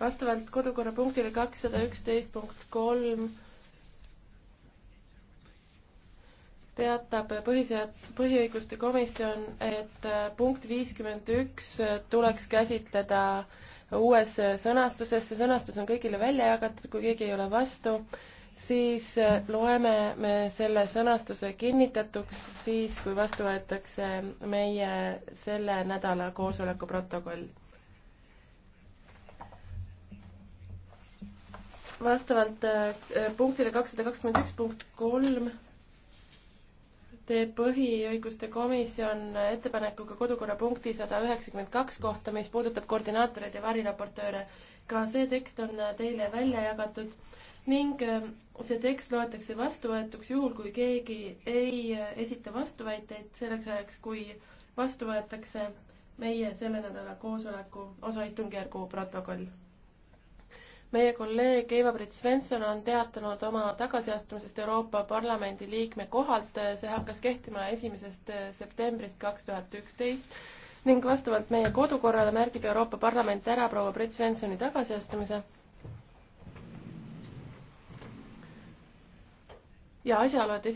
vastavalt kodukorra punktile kakssada üksteist punkt kolm teatab põhisead-, põhiõiguste komisjon, et punkt viiskümmend üks tuleks käsitleda uues sõnastuses, see sõnastus on kõigile välja jagatud, kui keegi ei ole vastu, siis loeme me selle sõnastuse kinnitatuks siis, kui vastu võetakse meie selle nädala koosoleku protokoll vastavalt äh, punktile kakssada kakskümmend üks punkt kolm teeb põhiõiguste komisjon ettepanekuga kodukorrapunkti sada üheksakümmend kaks kohta, mis puudutab koordinaatoreid ja variraportööre. ka see tekst on äh, teile välja jagatud ning äh, see tekst loetakse vastuvõetuks juhul, kui keegi ei esita vastuväiteid selleks ajaks, kui vastu võetakse meie selle nädala koosoleku osaistungjärgu protokoll meie kolleeg Eva-Britt Svensson on teatanud oma tagasiastumisest Euroopa Parlamendi liikme kohalt, see hakkas kehtima esimesest eh, septembrist kaks tuhat üksteist ning vastavalt meie kodukorrale märgib Euroopa Parlament ära proua Britt Svenssoni tagasiastumise. ja asjaolu, et esimene